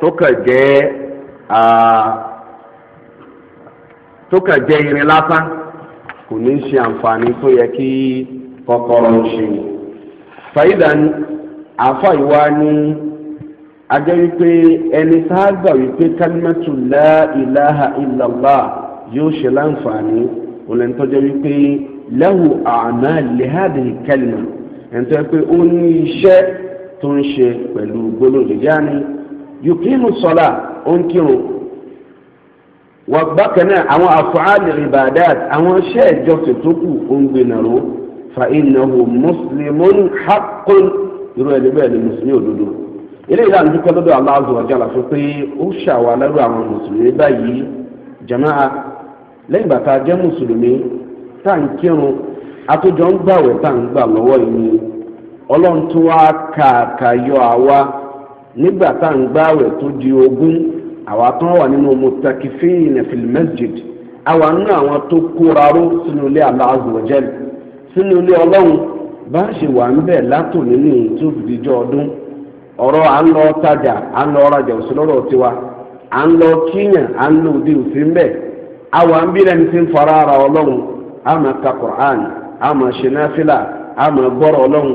tó kàn jẹ́ tó kàn jẹ́ irin lásán kò ní ṣe àǹfààní tó yẹ kí kọ́kọ́rọ́ ń ṣe. fàyídà ni àáfà ìwá ní ajẹ́ wípé ẹni tá a gbà wípé kálímẹ́tù la ilaha yóò ṣe láǹfààní olùtọ́jọ́ wípé lahu a'mal lihadhihi kalima ẹ̀ńtọ́ pé ó ní iṣẹ́ tó ń ṣe pẹ̀lú gbólóhùn yáni. yukimu sọlá onkiru wà bákan náà àwọn afu'ali ibadat àwọn iṣẹ́ ìjọsìn tó na ro fa innahu muslimun haqqun irú ẹni bẹ́ẹ̀ ni mùsùlùmí òdodo ilé ìlà ní dúpẹ́ lọ́dọ̀ Allah azza wa jalla fún pé ó ṣàwà awon àwọn mùsùlùmí jama'a lẹ́yìn bàtà jẹ́ mùsùlùmí tá à ń kírun àtòjọ yọ àwa. nígbà tá à ń tó di ogún àwa tán wà nínú mutakifin fil àwa nínú àwọn tó kóra ró sínú ilé Allah wa sínú ilé ọlọ́run bá a ṣe wà ń bẹ̀ látò nínú tó fi dijọ́ ọdún ọ̀rọ̀ à ń lọ tajà à ń lọ rajà tiwa à ń lọ kíyàn à di fara ara ọlọ́run àmà ka Qur'an àmà ṣe náfìlà àmà gbọ́rọ̀ ọlọ́run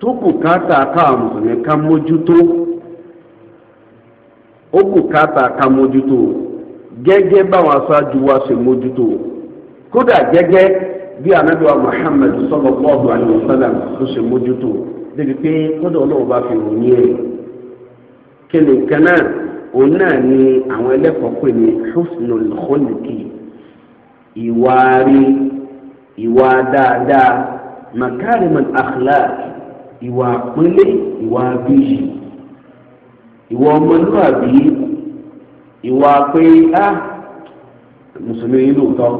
tó bùkátà káà mùsùlùmí ká mójútó ó bùkátà ká mójútó gẹ́gẹ́ báwọn aṣáájú wa ṣe mójútó kódà gẹ́gẹ́ bí anabiwa Muhammad sallallahu alaihi wasallam ló ṣe mójútó débi pé kódà ọlọ́wọ́ bá fi ròyìn ẹ̀ kí nìkan náà òun náà ni àwọn ẹlẹ́kọ̀ọ́ pè ní husnul khuluqi ìwà rí ìwà dáadáa makarimal akhlaq. ìwà àpọ́nlé ìwà abíyì ìwà ọmọlúwàbí ìwà pé á mùsùlùmí yìí lóòótọ́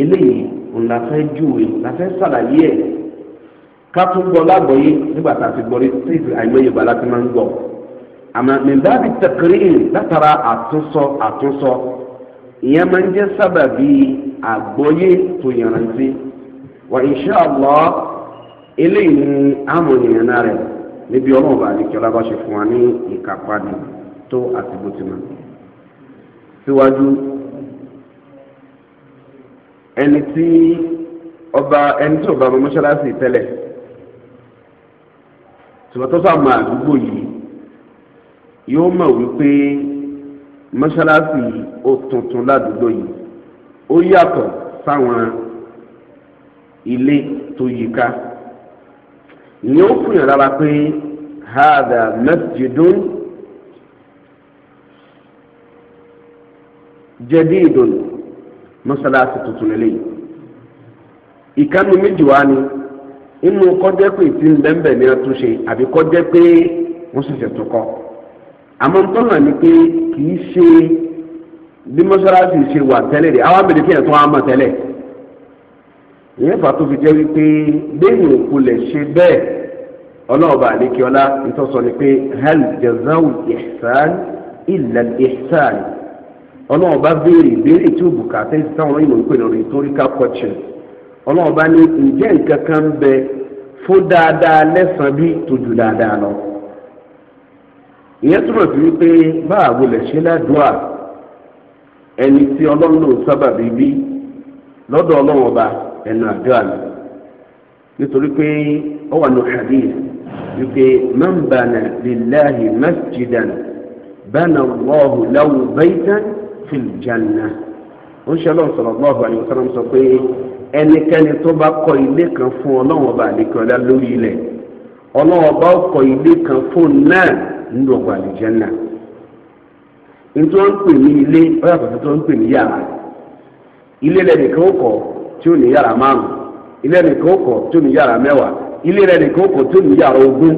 eléyìí ńlá fẹ́ júwe la fẹ́ sàlàyé ẹ̀ ká tún gbọ́ nígbà tá a ti gbọ́ rí àìmọye ìgbà láti máa ń gbọ́ àmọ́ mẹ́bàbí tẹ̀kẹ́rìn látara àtúnsọ àtúnsọ ìyẹn máa ń jẹ́ sábàbí àgbọ́yé tó yàrántí wà insha Allah. eléyìí ni àwọn ènìyàn náà rẹ̀ níbi ọlọ́run bá bá ṣe fún wa ní ìkápá ni tó àti bó ti mọ̀. síwájú ẹni tí ọba ẹni tí ọba mọ́ṣáláṣí tẹ́lẹ̀ tòmọ́tọ́sọ àmọ́ àdúgbò yìí yóò mọ̀ wípé mọ́ṣáláṣí ó tuntun ládùúgbò yìí ó yàtọ̀ sáwọn ilé tó yíká ìyẹn ó fún yàn lára pé hada masjidun jadidun mọ́sálásí tuntun lélẹ̀ ìkànnì méjì wá ni inú kọjá pé tí ń bẹ́ẹ̀ ní àtúnṣe àbí kọjá pé wọ́n ṣẹ̀ṣẹ̀ tó kọ́ àmọ́ ń tọ́nà ni pé kì í ṣe bí mọ́sálásí ṣe wà tẹ́lẹ̀ rẹ̀ àwọn abẹ́rẹ́ kí ẹ̀ tó wá mọ̀ tẹ́lẹ̀ ìyẹn fà tó fi jẹ́ wípé lẹ́yìn òkú lè ṣe bẹ́ẹ̀ ọlọ́ọ̀bà àlékiọlá ìtọ́sọ ni pé hal jazawu ihsan illa ihsan ọlọ́ọ̀bá béèrè béèrè tí ó bùkátà èsì táwọn ìmọ̀ ìpè lórí rhetorical question ọlọ́ọ̀bá ní ǹjẹ́ nǹkan kan ń bẹ fún dáadáa lẹ́sàn-án bí tójú dáadáa lọ. ìyẹn túmọ̀ sí wípé báàbò lè ṣe ládùúà ẹni tí ọlọ́run lòún sábàbí bí lọ́dọ̀ ọlọ́run ẹnu àdúrà mi nítorí pé ó wà ní hadith wípé man bana masjidan bana Allahu lahu baytan fil ó ń ṣe ọlọ́run sallallahu alaihi sọ pé ẹnikẹ́ni tó bá ilé kan fún ọlọ́run ọba àdékọ́lá lórí ilẹ̀ ọlọ́run ọba ba ilé kan fún náà nínú ọgbà àlùjànnà nítorí wọ́n ń pè ní ilé ó tó ń pè ní yàrá ilé lẹ́nìkan tí ó ní yàrá márùn ilé nìkan ó kọ́ tí ó ní yàrá mẹ́wàá ilé rẹ̀ nìkan ó kọ́ tí ó ní yàrá ogún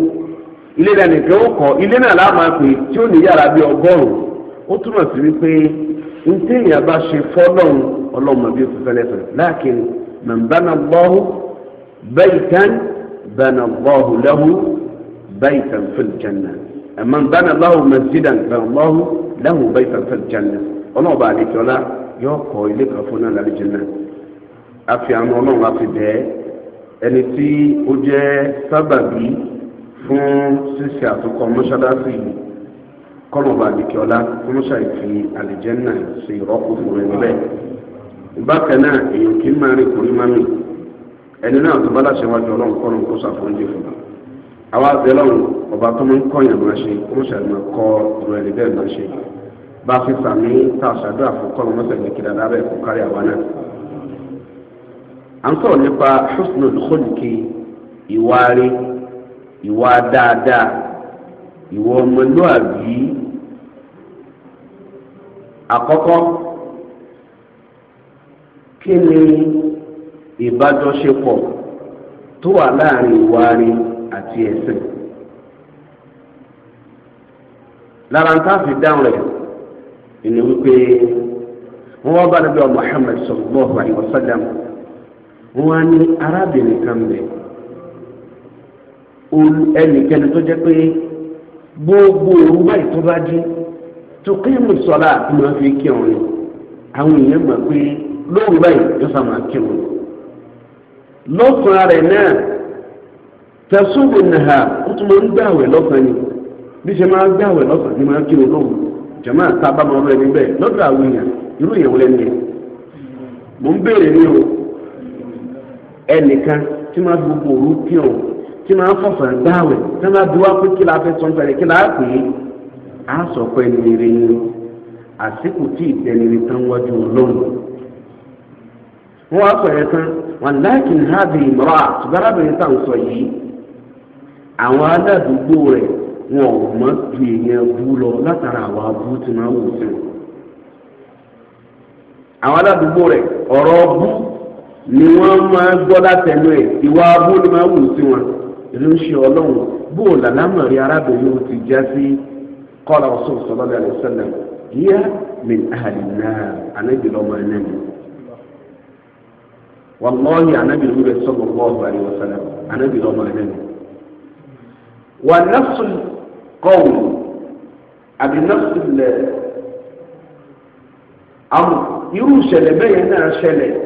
ilé rẹ̀ nìkan ó kọ́ ilé náà láàmà pé tí ó ní yàrá bí ọgọ́rùn ó túmọ̀ sí wípé ntẹ́yìn bá ṣe fọ́lọ́run ọlọ́mọ bí ó ti fẹ́lẹ́ fẹ́ láàkín man bana Allahu baytan bana Allahu lahu baytan fil janna man bana Allahu masjidan bana Allahu lahu baytan fil janna ọlọ́ọ̀bà àdìjọ́lá yóò kọ́ ilé kan fún náà lálẹ́ jẹ́ àfi àánú ọlọ́run àfi bẹ́ẹ̀ ẹni tí ó jẹ́ sábàbí fún ṣíṣe àtúkọ mọ́ṣáláṣí kọ́lọ̀bà àdìkíọ́lá fún mọ́ṣáì fi àlìjẹ́nà ṣe ìrọ́pò fún rẹ̀ níbẹ̀. bákan náà èèyàn kì í máa rìn kò ní má mi ẹni náà tó bá láṣẹ wájú ọlọ́run kọ́lọ̀ kó ṣàfọ́njì fún un. àwa àti ọlọ́run ọba tó máa ń kọ́yàn máa ṣe kó máa kọ́ ọ̀rọ̀ ẹni bẹ́ẹ̀ máa ṣe. bá fi sàmì tá a ṣàdúrà fún kọ́lọ̀ mọ́ṣáì à ń sọ̀rọ̀ nípa husnul khuluqi ìwà rẹ̀ ìwà dáadáa ìwà ọmọlúàbí àkọ́kọ́ kí ni ìbájọṣepọ̀ tó wà láàrin ìwà rẹ̀ àti ẹ̀sìn lára ń káfí dáhùn rẹ̀ ìní wípé wọ́n bá níbi ọmọ Muhammad sallallahu alaihi wasallam. wọ́n á ní arábìnrin kan bẹ̀ ẹnikẹ́ni tó jẹ pé gbogbo òru báyìí tó bá sọla tó kéèmù sọ́lá àti fi ni àwọn èèyàn gbà pé lóòrù báyìí yóò sá máa kírun lọ́kùnrin náà nàá ó tún máa ń ni bí ṣe máa ni máa àwọn èèyàn irú wọlé ni ń o. ẹnìkan tí máa gbogbo òru pí tí máa fọ̀fọ̀ gbáwẹ̀ tí máa bí wá pé kí la sọ kí pè sọ pé nìrè ni àsìkò tí ìdẹ́nìrè tán wájú ọlọ́run. wọ́n wá sọ yẹn hábì tá à ń sọ yìí àwọn aládùúgbò rẹ̀ wọn ò ju èèyàn bú lọ látara àwọn abú tí máa sí wọn. àwọn aládùúgbò rẹ̀ ni wọn máa gbọ́ látẹnu ẹ̀ ìwà ni máa wù sí wọn ìlú ń ṣe ọlọ́run bó o làlá mọ̀rí arábìnrin o ti já sí kọ́lá ọ̀sán sọlọ́dà rẹ̀ sẹ́lẹ̀ yíyá min ahàlì náà anábìlọ́ máa náà ni wàlọ́ọ̀yì anábìlọ́ rẹ̀ sọ̀rọ̀ bọ́ọ̀lù àríwá sẹ́lẹ̀ anábìlọ́ máa náà ni. wà àbí lẹ̀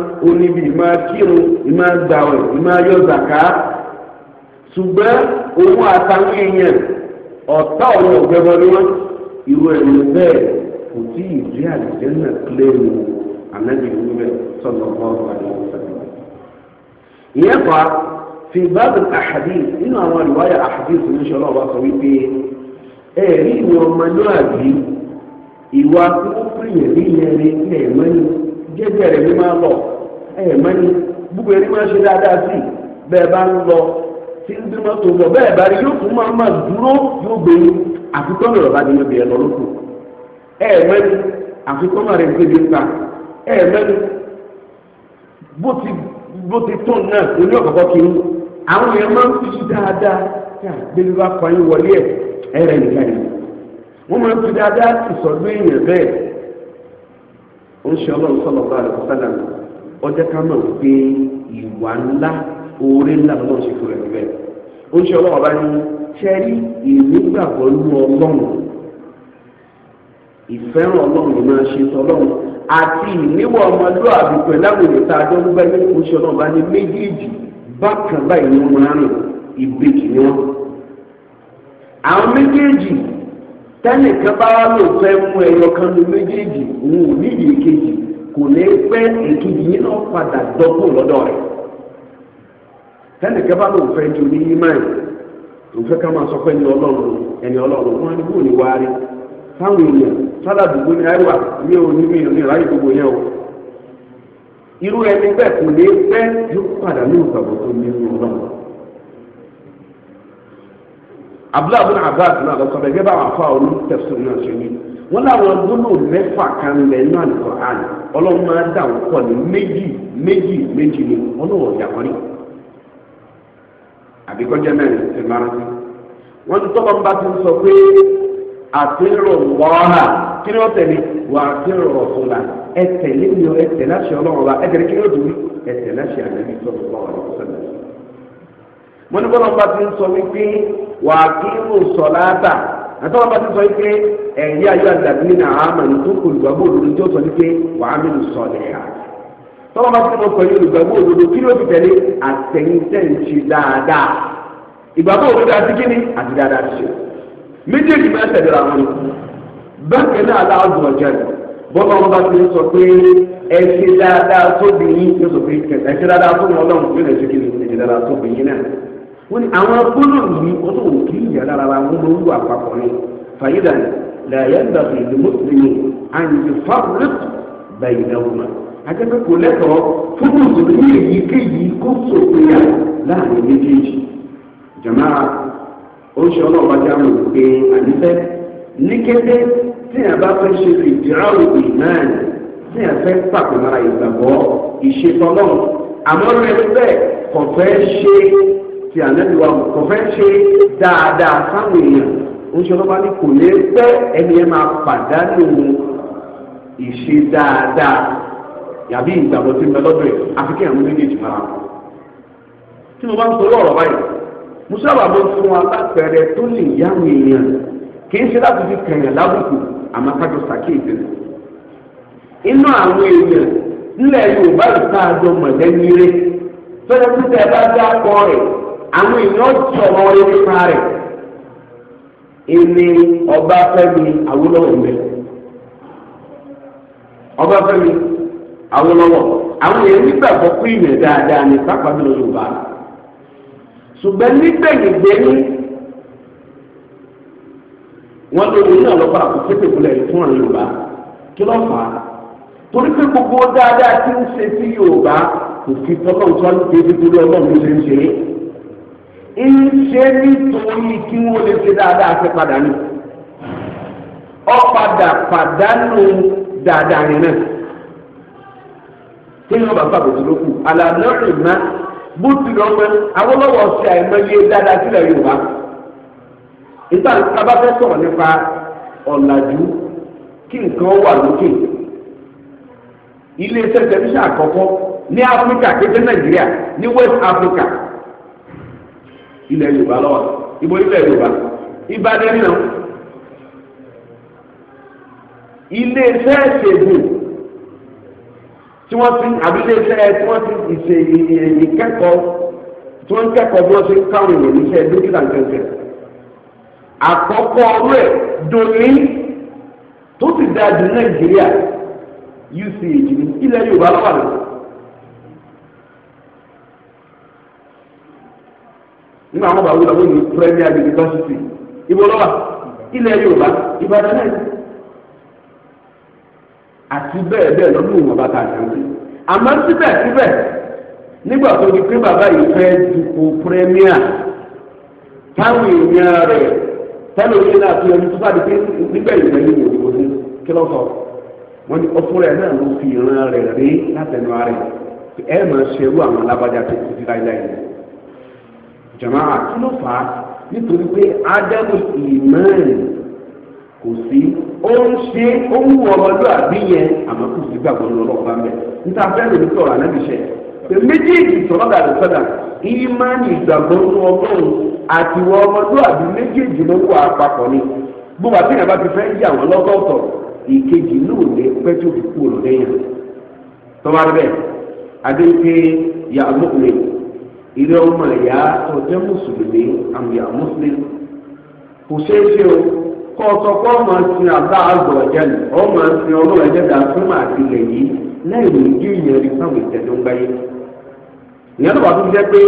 onibi ìmọ̀ kírun ìmọ̀ gbàwẹ̀ ìmọ̀ yọ zàká ṣùgbọ́n òun àtàwọn èèyàn ọ̀tá ọ̀rọ̀ ọ̀gbẹ́bọ ni wọ́n irú ẹni bẹ́ẹ̀ kò tí ì rí àlùjẹ́ náà ìyẹn fa fi bábìlì àhàdí nínú àwọn àlùwáyà àhàdí ìṣòwòṣe sọ wípé ìwọ ìwà ní ẹ̀mọ́ni jẹ́jẹ́ rẹ̀ ní máa ẹ̀ mẹ́ni gbogbo ẹni máa ṣe dáadáa sí bẹ́ẹ̀ bá ń lọ tí ń bímọ tó lọ bẹ́ẹ̀ bá rí yóò tún máa máa dúró yóò gbé yín àfikún ọ̀rọ̀ bá di ẹbí ẹ lọ lóko ẹ̀ mẹ́ni àfikún ọ̀rẹ́ ń gbébi ńpa ẹ̀ mẹ́ni bó ti bó ti tó náà oní ọ̀kọ̀kọ̀ kiri àwọn èèyàn máa ń fi dáadáa kí àgbélé bá kọ́ yín wọlé ẹ̀ ẹ̀ nìkan yìí wọ́n máa ń fi dáadáa ọjọ́ ká mọ̀ pé ìwà ńlá oore ńlá ló ń ṣe fún ẹ̀mí bẹ́ẹ̀. ó ń ṣe ọlọ́wọ́ bá ní ṣẹ́rí ìnígbàgbọ́ nú ọlọ́run ìfẹ́ràn ọlọ́run ló máa ṣe tọ́lọ́run àti ìníwà ọmọlúwàbí pẹ̀lú àwọn ìta àjọyọ̀gbá ní ó ń ṣe ọlọ́run bá ní méjèèjì bákan báyìí ni wọ́n máa rìn ìbejì ni wọ́n. àwọn méjèèjì tẹ́nìkan bá wà lóòótọ́ ẹ̀ mú ẹyọ kan ní méjèèjì òun ò nídìí kejì kò ní pẹ́ èkejì yín náà padà dọ́kùn lọ́dọ̀ rẹ̀ tẹ́nìkẹ́ bá lóun fẹ́ ju ní imáì òun fẹ́ ká máa sọ pé ẹni ọlọ́run ẹni ọlọ́run wọn ni bóun ni wá rí táwọn èèyàn sádà ní àìwá mi mi ní gbogbo yẹn o irú ẹni kò ní pẹ́ yóò padà ní ìgbàgbọ́ tó ní inú ọlọ́run. wọ́n láwọn gbólóhùn mẹ́fà kan lẹ̀ náà nìkan àná ọlọ́run máa dà wọ́n pọ̀ ní méjì méjì méjì ni ọlọ́wọ́ ọ̀jà wọn rí àbíkọ́jẹ́ mẹ́rin ti máa rántí wọ́n ti tọ́kọ̀ bá ti sọ pé àtẹ̀rọ̀ wọ́ọ́rà kí ni wọ́n tẹ̀lé wà àtẹ̀rọ̀ ọ̀túnla ẹ tẹ̀lé mi ẹ tẹ̀lé àṣẹ ọlọ́run wa ẹ tẹ̀lé kí ni ó dùn mí ẹ tẹ̀lé àṣẹ àlẹ́bí sọ̀rọ̀ lọ́wọ́ ọ̀sẹ̀ wọ́n ní sọ àtọ́wọ́ bá ti sọ pé ẹ̀yí ayé àdàbí ní àhámà ní tó olùgbàgbọ́ òdodo tí ó sọ pé wàá mi lù sọ nìyà tọ́wọ́ bá ti sọ pé olùgbàgbọ́ òdodo kí ló fi tẹ̀lé àtẹ̀yìntẹ̀ǹtì dáadáa ìgbàgbọ́ òdodo àti kíni àti dáadáa ti ṣe méjèèjì máa ń tẹ̀lé ra wọn bákan náà aláàbò ọjà bọ́lá wọn bá ti sọ pé ẹ dáadáa sóbì yín yóò dáadáa sóbì wọn lọ́wọ́ wọ́n ní àwọn gbólóhùn yìí wọ́n tó kí ìyá lára wa wọ́n ló wù àpapọ̀ ni fàyídà làyà dàbí ìlú mùsùlùmí àyìnbí fáwọlẹ́t bẹ̀yìn lẹ́wọ̀n àjẹpẹ́ kò lẹ́tọ̀ọ́ fún mùsùlùmí èyí kéyìí kó sòpéyà láàrin méjèèjì jàmá ó ṣe ọlọ́ọ̀bá jáwé pé ànífẹ́ ní kété tí a bá fẹ́ ṣe ìdíráwò ìmáà tí a fẹ́ pàpọ̀ lára ìgbàgbọ́ ìṣètọ́lọ́ àmọ́ rẹ̀ bẹ́ẹ̀ kọ̀ fẹ́ ṣe ti ànábì wa kò fẹ́ ṣe dáadáa sáwọn èèyàn oṣù ọlọ́ba ní kò lè pẹ́ ẹni ẹ máa pàdánù ìṣe dáadáa yàbí ìgbàgbọ́ tí ń bẹ lọ́dọ̀ ẹ̀ àfi kí àwọn méjèèjì máa wọ̀. tí mo bá ń sọ̀rọ̀ ọ̀rọ̀ báyìí mo sábà máa ń fún wa lápẹẹrẹ tó lè yá àwọn èèyàn kì í ṣe láti fi kẹ̀yàn lábùkù àmọ́ kájọ sàkéèdè rẹ̀. inú àwọn èèyàn nílẹ̀ Yorùbá ìta àjọ mọ̀lẹ́ni rẹ̀ fẹ́rẹ́ àwọn èèyàn sọ̀rọ̀ rẹ̀ nípa rẹ̀ ìní Awolowo Awólọ́wọ̀ mẹ́ Ọbáfẹ́mi Awólọ́wọ̀ àwọn èèyàn nígbàgbọ́ pé dáadáa ní pápákọ̀ Yorùbá ṣùgbọ́n ní wọ́n tó ní náà lọ́pàá kò tètè kúlẹ̀ fún Yorùbá kí ló fà á torí pé gbogbo dáadáa ń ṣe sí Yorùbá kò fi tọ́lọ́ ń ṣe nítorí kí wọ́n lè ṣe dáadáa ṣe padà ní. ọ̀padà pàdánù dáadáa rẹ̀ náà. kí ni wọ́n bá fàbẹ̀tì lókù àlànà ìmá bó ti lọ pé Awólọ́wọ̀ ṣe àìmọye dáadáa sílẹ̀ Yorùbá. ìgbà abáfẹ́ sọ̀rọ̀ nípa ọ̀làjú kí nǹkan wà lókè. ilé iṣẹ́ àkọ́kọ́ ní Áfíríkà kéde Nàìjíríà ní West Africa ilẹ̀ yorùbá lọ́wọ́ ibo ilẹ̀ yorùbá ìbàdàn náà ilé iṣẹ́ ìṣègùn tí wọ́n ti àbí ilé iṣẹ́ tí wọ́n ti ìṣe ìkẹ́kọ̀ọ́ tí wọ́n ń kẹ́kọ̀ọ́ bí wọ́n ṣe ń káwọn èèyàn níṣẹ́ dókítà kẹ̀kẹ́ àkọ́kọ́ rẹ̀ dòní tó ti dáa jù nàìjíríà uch ní ilẹ̀ yorùbá lọ́wọ́ àná. nígbà wọn bá wúlò wọn ní premier university ibo lọ́wọ́ ilẹ̀ Yorùbá Ìbàdàn náà àti bẹ́ẹ̀ bẹ́ẹ̀ lọ́dún ìwọ̀n bàtà àjàǹtì àmọ́ síbẹ̀síbẹ̀ nígbà tó di pé bàbá yìí fẹ́ dupò premier táwọn èèyàn rẹ̀ tẹ́lẹ̀ òye náà fi ẹni tó bá di pé nígbà yìí lẹ́yìn òwò ìwò ní kí lọ́sọ̀ wọ́n ní ọkùnrin náà ló fi ìran rẹ̀ rí látẹnu ara rẹ̀ ẹ̀ máa ṣerú àwọn alábàjá tó ti di láyé láyé jàmáà kí ló fà á nítorí pé ádámù ìmánì kò sí ó ń ṣe ó ń wọ ọmọlúwàbí yẹn àmọ́ kò sí gbàgbọ́ lọ́wọ́ bá mẹ́ níta bẹ́ẹ̀ ló sọ̀rọ̀ ànábìṣẹ́ méjèèjì sọ̀rọ̀ dàdú sọ̀dà ìmánì ìgbàgbọ́ nínú ọgbọ́n àti ìwọ ọmọlúwàbí méjèèjì ló wà papọ̀ ni gbogbo àti ìyàbá ti fẹ́ yà wọ́n lọ́gọ́tọ̀ ìkejì náà lè pẹ́ tó fi kú òlòdẹ́yìn tọ́wárẹ́ bẹ́ẹ̀ adé ń pé yàgò mi ilé ọmọ ìyá a jẹ́ mùsùlùmí àmìyà muslim kò ṣeé ṣe ọmọ sin àbá àgbọ̀ ẹ̀jẹ̀ nù ọmọ sin ọdún ẹ̀jẹ̀ yìí lẹ́yìn ìdí ìyẹn rí sáwọn ìtẹ̀dọ́ gbáyé ìyẹn lọ́wọ́ tó jẹ́ pé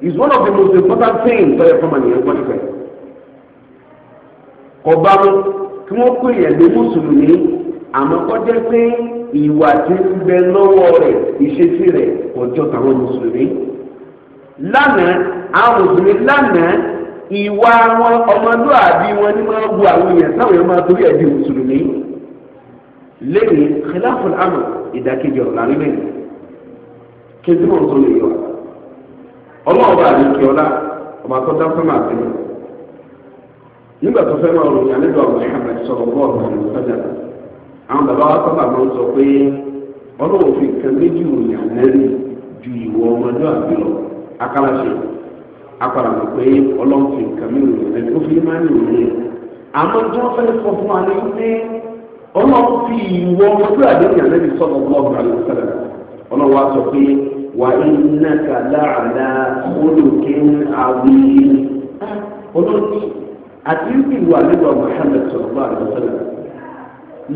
is one of the most important things lọ́yẹ̀ fún ọmọnìyàn gbọ́dọ̀ fẹ́. kọba mu kí wọ́n pè yẹn ní mùsùlùmí àmọ́ kọ́ jẹ́ pé ìwà tí ń bẹ lọ́wọ́ rẹ̀ ìṣesí rẹ̀ ọjọ́ táwọn mùsùlùmí. lánàá àwọn mùsùlùmí lánàá ìwà wọn ọmọlúàbí wọn ni máa bu àwọn èèyàn táwọn èèyàn máa torí ẹ̀dí mùsùlùmí. lẹ́yìn khilafu al-amr ìdákejì ọ̀rọ̀ lárí mẹ́rin kí n tí mò ń sọ lè yọ ọlọ́ọ̀bà àdìkì ọ̀la ọmọ akọ́tà fẹ́mà àtẹ̀lẹ̀ nígbà tó fẹ́ máa ròyìn àlejò àwọn Muhammad sọ̀rọ̀ bọ́ọ̀lù àti sọ́jà àwọn bàbá wa ń sọ pé ọlọ́wọ́ fi méjì ròyìn ju ìwọ ọmọdé lọ pé ọlọ́wọ́ fi ròyìn fi máa ń ròyìn àmọ́ tí wọ́n sọ fún pé ọlọ́wọ́ fi ìwọ ọmọdé وإنك لعلى خلق عظيم olóòtú àti ìlú ìwà nígbà Muhammad sallallahu alaihi wasallam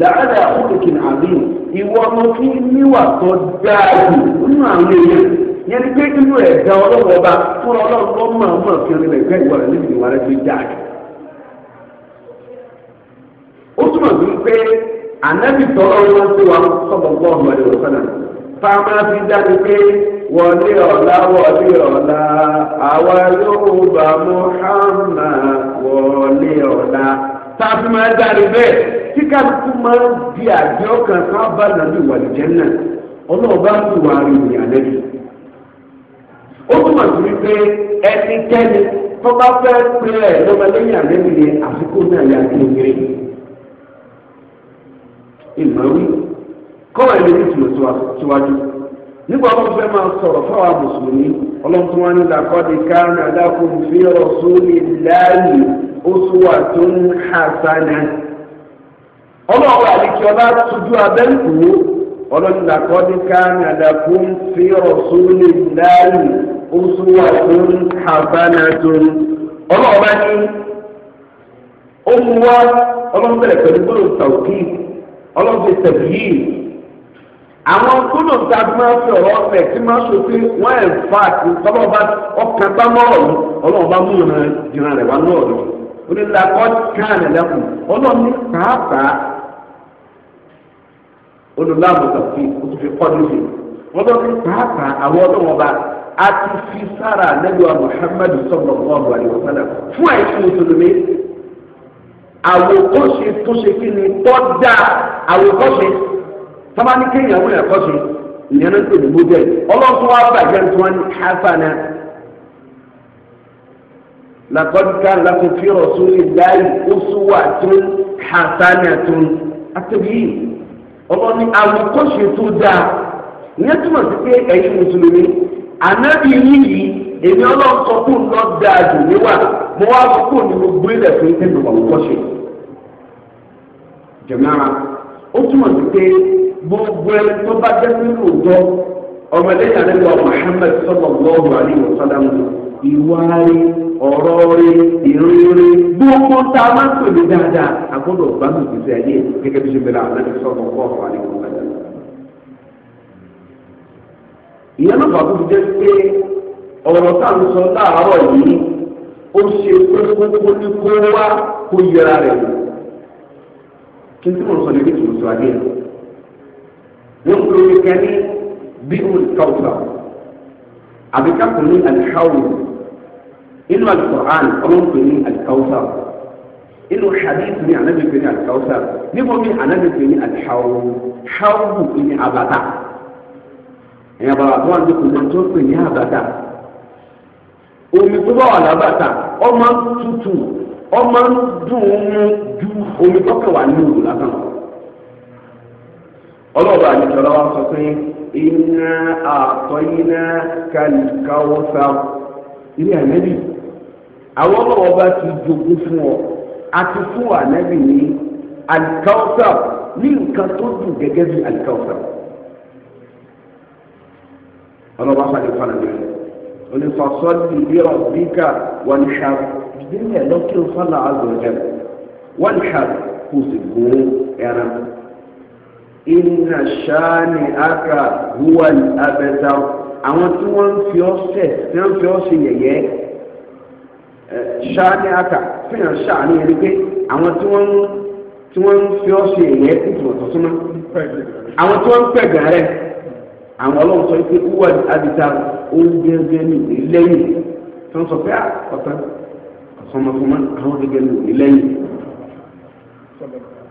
làálẹ àkókòkìn àbíyìn ìwọ ọmọ kí níwà tó dáa jù nínú àwọn èèyàn yẹn ni pé inú ẹ̀dá ọlọ́wọ́ ọba fún ọlọ́run máa mọ̀ kí ọdún ẹ̀gbẹ́ ìwà rẹ̀ níbi ìwà rẹ̀ tó dáa ó túmọ̀ sí pé ànábì tọ́lọ́ sí wa sọ̀bọ̀ bọ́ọ̀lù àdéhùn fama fi jáde pé wọlé ọ̀la wọlé ọ̀la àwa yóò bá Muhammad wọlé ọ̀la. máa bẹ́ẹ̀ kálukú máa di àjọ kan sábà nàbí wàlìjẹ́ náà ọlọ́ọ̀bá ń wà rìnrìn àlẹ́ yìí. ó túmọ̀ sí wípé ẹnikẹ́ni tó bá fẹ́ ẹ̀ àlẹ́ kọ́wà ilé ti tìlò síwájú nígbà wọn fẹ́ máa sọ̀rọ̀ fáwọn mùsùlùmí ọlọ́run wọn ní làkọ́dé káàmì alákùn fi rasulillahi uswatun hasanah ọlọ́run àdìkí ọlá tujú abẹ́ǹkù ọlọ́run làkọ́dé káàmì alákùn fi rasulillahi uswatun hasanah ọlọ́run bá ní ó mú wá ọlọ́run bẹ̀rẹ̀ pẹ̀lú gbọ́dọ̀ tàwùkì ọlọ́run ti tẹ̀lé àwọn kúlò tá a máa fi ọ̀rọ̀ ọ̀fẹ́ tí máa sọ̀tí wọ́n ẹ̀ fà àti ọlọ́ọ̀bá ọkàn bá mọ́ ọ̀rọ̀ ọlọ́ọ̀bá mú ìran jìnnà rẹ̀ wá náà rẹ̀ onílà kọ́ káàní lẹ́kùn ọlọ́ọ̀ni pàápàá olùlàmùtà fi oṣù fi kọ́ níbi ọlọ́ọ̀ni pàápàá àwọn ọlọ́wọ́ba a ti fi sára nẹ́gbẹ̀wá Muhammadu sallallahu alaihi wasallam fún ẹ̀sìn mùsùlùmí àwòkọ́ṣe tó ṣe kí ni tọ́ da àwòkọ́ṣe sábà ní kéèyàn wúlò ẹ̀kọ́ sùn ìyẹn náà ń pè ní model ọlọ́run tó wá bàjẹ́ ní tiwọn ní hasana lakọ́dúkà lakọ́fí rasulillahi uswatun hasanatun àtẹ̀bí ọlọ́run ní àwòkọ́ṣe tó dáa ìyẹn túmọ̀ sí pé ẹ̀yin mùsùlùmí ànábì yìí èmi ọlọ́run sọ fún un lọ́ọ́ dáa jù níwà mo wá sọ fún un ní mo gbé lẹ̀ fún ìtẹ̀síwọ̀n àwòkọ́ṣe jẹ̀mára ó túmọ̀ sí pé gbogbo ẹni tó bá jẹ́ pé lóòótọ́ ọmọlẹ́yìn àdéhùn Muhammad sallallahu alaihi wasallam ìwà rí ọ̀rọ̀ rí ìrìn rí gbogbo tá a máa ń pè ní dáadáa àgbọ̀dọ̀ bá mi gbèsè ayé gẹ́gẹ́ bí ṣe bẹ̀rẹ̀ àwọn ẹni sọ̀rọ̀ ọ̀rọ̀ alaihi wasallam. ìyẹn náà bàbá mi jẹ́ pé ọ̀rọ̀ tá ń sọ láàárọ̀ yìí ó ṣe pé ní kó wá kó yẹra rẹ̀ kí n tí mo sọ ní bí tòun sọ adé yẹn. يخرج كني بئر الكوثر أبيك الحول إنه القرآن أمم كني الكوثر إنه حديث من النبي كني الكوثر نبغى من النبي كني الحول حول كني أبدا ẹ̀yà bàbá tó wà ní kò lóun tó pè ní أمان omi أمان bá wà lábàtà ọmọ tutù ọmọ ọlọ́ọ̀bà àdìsọ́lá wa sọ pé iná àtọ́ iná kàlíkàwọ́ sá ilé ànábì àwọn ọlọ́ọ̀bà ti jogún fún ọ àti fún ànábì ní àlíkàwọ́ sá ní nǹkan tó dùn gẹ́gẹ́ bí àlíkàwọ́ sá ọlọ́ọ̀bà fàdé fàlàbí onífàsọ́ọ̀dì ìlérò bíkà wọn ṣàrò ìdílé ẹ̀ lọ́kì ọ̀sán làásù wọn ṣàrò kò sì gún ẹran iná ṣáàní aka huwa abẹta àwọn tí wọ́n ń fi ọ́ sẹ̀ tí wọ́n ń fi ọ́ ṣe yẹ̀yẹ́ ṣáàní aka fihàn ṣáàní ẹni pé àwọn tí wọ́n ń tí wọ́n ń fi ọ́ ṣe yẹ̀yẹ́ kùtùmọ̀ tuntun àwọn tí wọ́n ń pẹ̀gàn rẹ̀ àwọn ọlọ́run sọ pé huwa abẹta oúnjẹ gẹ́gẹ́ ní lẹ́yìn tí wọ́n sọ pé ọ̀tán ọ̀sán àwọn gẹ́gẹ́ ní lẹ́yìn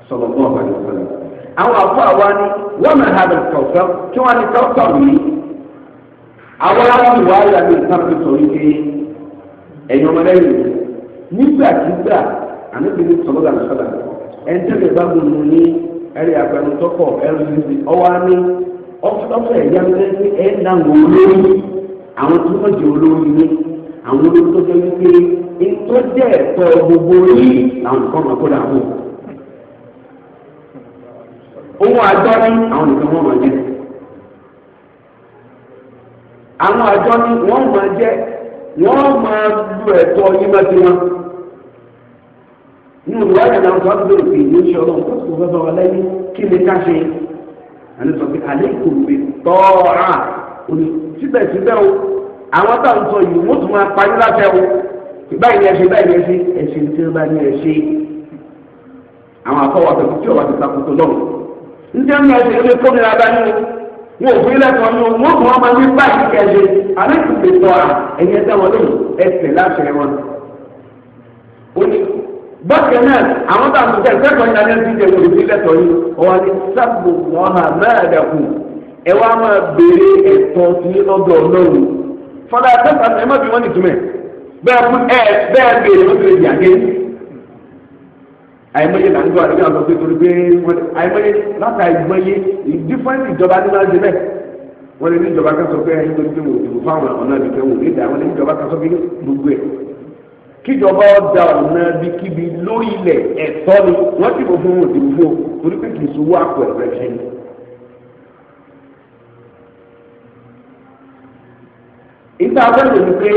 sọlọ́gbọ́n ọ̀gá ìfọ̀lẹ́. àwọn àbúrò àwa ni wọ́n mọ̀ ha bẹ̀rẹ̀ kọ̀ọ̀kan tí wọ́n ní kọ́ọ̀kan yìí àwọn aráàlú wa yà ní nǹkan tó sọ wípé ẹ̀yin ọmọlẹ́yìn nígbàkigbà àníbìrì sọ̀rọ̀ àlùfáà ẹ̀ńtẹ́lẹ̀ bá gbòòrò ní ẹ̀rí àgbẹnutọ́kọ̀ ẹ̀rí ọwọ́ àwọn tí olórí ni àwọn olórí tó jẹ wípé ètò ẹ̀tọ́ gbogbo yìí làwọn ohun àjọ ní àwọn nìkan wọ́n máa jẹ́ àwọn àjọ ní wọ́n máa jẹ́ wọ́n máa lu ẹ̀tọ́ yín ti wọn nínú ìwà ìyànà ọ̀sán tó bẹ̀rẹ̀ pé ìlú ṣe ọlọ́run tó kò fẹ́ bá wa kí ni ká ṣe àní sọ pé àlékún mi tọ́ ọ̀rá òní síbẹ̀síbẹ̀ o àwọn tá à ń sọ yìí wọ́n tún máa parí láfẹ́ o báyìí ni ẹ ṣe báyìí ni ẹ ṣe ẹ̀ṣin tí ó bá ní ẹ ṣe àwọn àfọwọ́ àtẹ̀kùn tí ọ̀wà ti ta kótó njẹ́ mi ọ̀sẹ̀ ilé kó nira bá nínú wọn ò fi lẹ́kọ̀ọ́ nínú wọn kò wọ́n máa wí báyìí kẹ́lẹ́ àmì ìpè tọ́ra ẹ̀yẹ sẹ́wọ̀n lónìí ẹsẹ̀ láṣẹ wọn. bọ́ọ̀kẹ́ náà àwọn tó àmì ìjẹ́ ìfẹ́kọ̀ọ́ ní alẹ́ ti jẹ́ wọn ò fi lẹ́kọ̀ọ́ yìí ọ̀wá ni sábò wọn hà mẹ́ẹ̀dẹ̀kù ẹ wá máa béèrè ẹ̀tọ́ sí lọ́dọ̀ ọlọ́run fọdà tẹ́sán ẹ má fi wọ́n nìtúmẹ̀ bẹ́ẹ̀ bẹ́ẹ̀ béèrè ó ti lè àìmọye là ń gbọ́ àdúgbò àwọn ọgbẹ́ torí pé àìmọye láti àìmọye different ìjọba ní máa ń débẹ̀ wọ́n lè ní ìjọba kan sọ pé ẹni tó ń gbé wòlíì fáwọn ọ̀nà àbíkẹ́ wò lédè àwọn ẹni ìjọba kan sọ pé gbogbo ẹ̀ kíjọba ọ̀dà ọ̀nà bíkíbi lórí ilẹ̀ ẹ̀tọ́ ni wọ́n ti bọ̀ fún òdìbò fún o torí pé kì í sowó àpò ẹ̀rẹ́ ṣe ni. ìta abẹ́rẹ́ ni pé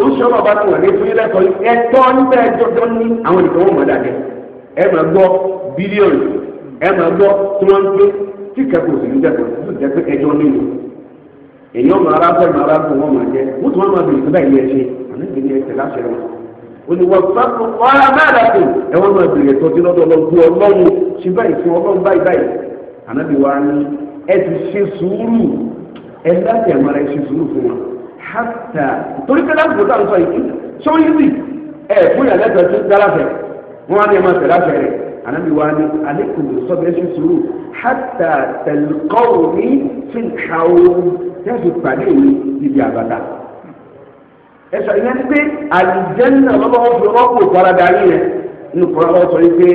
oṣù ọba bá ti wà ní ìpínlẹ̀ ẹ̀tọ́ ní ẹ̀tọ́ níbẹ̀ ẹjọ́ e máa gbọ́ bílíọ̀nù ẹ gbọ́ tí tí kẹ́kọ̀ọ́ sì ń jẹ́kọ̀ọ́ sì jẹ́ ẹjọ́ nínú èyí ọmọ aráàbọ̀ ẹ̀mọ aráàbọ̀ wọn máa jẹ wọ́n tún wọn máa bèrè síbẹ̀ yẹn ṣe àmì ìgbìyànjú ẹ̀sẹ̀ láṣẹ wọn. olùwọ̀ sábà ọ̀rá ẹ wọ́n máa bèrè tọ́jú wa wọn á ní ẹmọ tẹlẹ àṣẹ rẹ anabi wa ni alekun ló sọ bẹ́ẹ̀ ṣe sùúrù hàtà tẹlifọwù ní fìkàwù tẹsí pàdé mi níbi àbàtà ẹsọ ìyẹn ti pé àlùjẹ́nà lọ́wọ́ fi ọkọ̀ ìfaradà rí rẹ nínú kọ́ra lọ́wọ́ sọ pé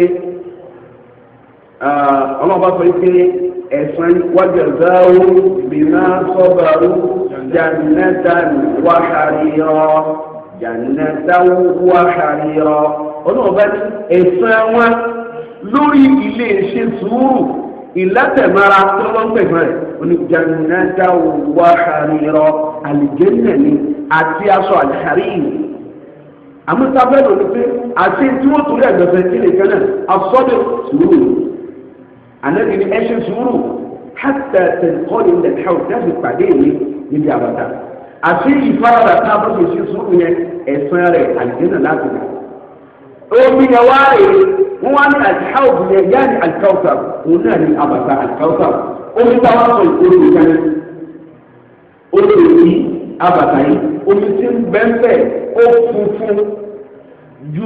ọlọ́wọ́ sọ pé ẹ̀sán wájà záwó bìnnà sọ́bàrú jàǹdà wàhálì yọ jannataw wa harira ọlọ́ọ̀bá ní ẹ̀sán wọn lórí ilé ṣe sùúrù ìlàtẹ̀mára tó lọ́n pẹ̀lú rẹ̀ oní jannataw wa harira àlìjẹ́nà ni àti aṣọ àlìhárí yìí àmútabẹ́ lòdì pé àti tí wọ́n torí ẹ̀gbẹ̀fẹ̀ tí lè kẹ́ sùúrù ànábi ni ẹ ṣe sùúrù hàtà tẹ̀kọ́ ni ilẹ̀ pàdé yìí níbi àbàtà àti ìfaradà tá a bó ṣe ṣe sùúrù yẹn ẹ̀sán rẹ̀ àlìjẹ́nà láti rẹ̀. omi yẹn wá rè wọ́n wá ní àlìkáwù yẹn yá ní àlìkáwùsà òun náà ní àbàtà àlìkáwùsà omi táwọn sọ ìkórè yẹn olè yìí àbàtà yìí omi tí ń bẹ́ńbẹ́ ó funfun ju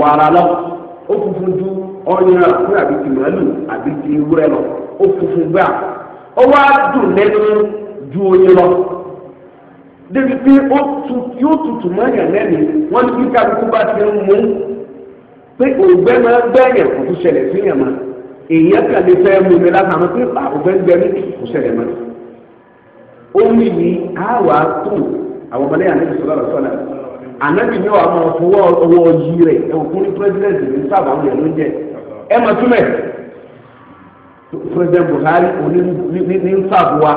wàrà lọ ó funfun ju ọyàn àti àbí màálù àbí ewúrẹ́ lọ ó funfun gbà ó wá dùn lẹ́nu ju oyin lọ débi pé yóò tutù mọ́yàn lẹ́nu wọ́n ní kíkà kúkú bá ti ń mú pé òògbẹ́ máa gbẹ́yàn kò tún ṣẹlẹ̀ sí yàn máa èèyàn kàn lè fẹ́ mú mi láti àwọn pé òògbẹ́ ń gbẹ́mí kò ṣẹlẹ̀ máa. omi yìí á wà á tó àwọn ọmọdé ànábì sọlá rẹ sọlá ànábì ní wàá máa fọwọ́ ọwọ́ yí rẹ̀ ẹ̀wọ̀n fún ní pírẹ́sidẹ́ntì ní sábà ń yẹ ló ń jẹ ẹ máa túmẹ̀ pírẹ́sidẹ́ntì Buhari òní ní sábà wa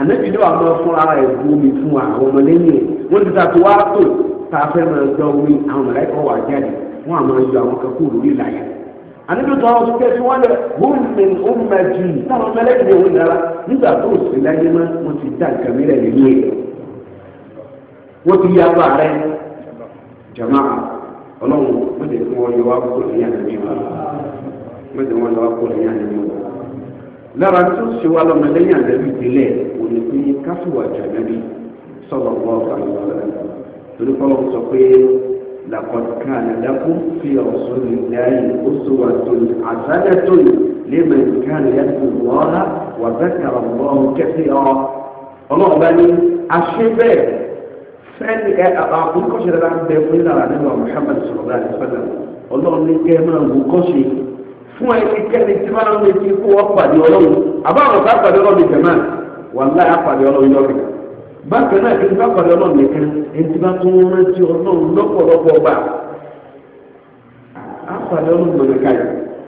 ànábì ní wàá máa fún ara ẹ̀ bu omi fún wa àwọn ọmọlẹ́yìn ẹ̀ wọ́n ti sàtò wá tó tá a fẹ́ máa gbọ́ omi àwọn mọ̀lẹ́kọ̀ wà jáde wọ́n á máa yọ àwọn kakú lórí ìlàyà ànábì tó àwọn sókè tí wọ́n lẹ̀ gómìn ọmọdé táwọn mọ̀lẹ́kìn òun dára nígbà tó sì láyé mọ́ wọ́n ti dá nǹkan mìíràn nínú ẹ̀ wọ́n ti yá bá rẹ̀ jama ọlọ́run wọ́n ti fún wọn yọ wá kó lóyún àná lára tó ṣe wá lọ́mọ lẹ́yìn àdẹ́bí ìpínlẹ̀ òní pé káfíwà jàǹdàbí sọ̀rọ̀ bọ́ àlùfáà torí kọ́ lọ́wọ́ sọ pé làkọ̀tìkà àdàkú fi ọ̀sùn ìdáyìn ó sọ wà tó ní àtàdé tó ní lẹ́mọ̀ ìkà àdàkú wọ́ọ́rá wà bẹ́ẹ̀ ọlọ́run kẹ́sì ọ ọlọ́run bá ní aṣẹ bẹ́ẹ̀ fẹ́ẹ́ni ẹ fún ẹnikẹ́ni tí máa ń retí kó wọ́n pàdé ọlọ́run àbá ká pàdé ọlọ́run nìkan náà wàláhì àpàdé ọlọ́run yọ̀ nìkan bákan náà kí pàdé ọlọ́run nìkan ẹni bá tún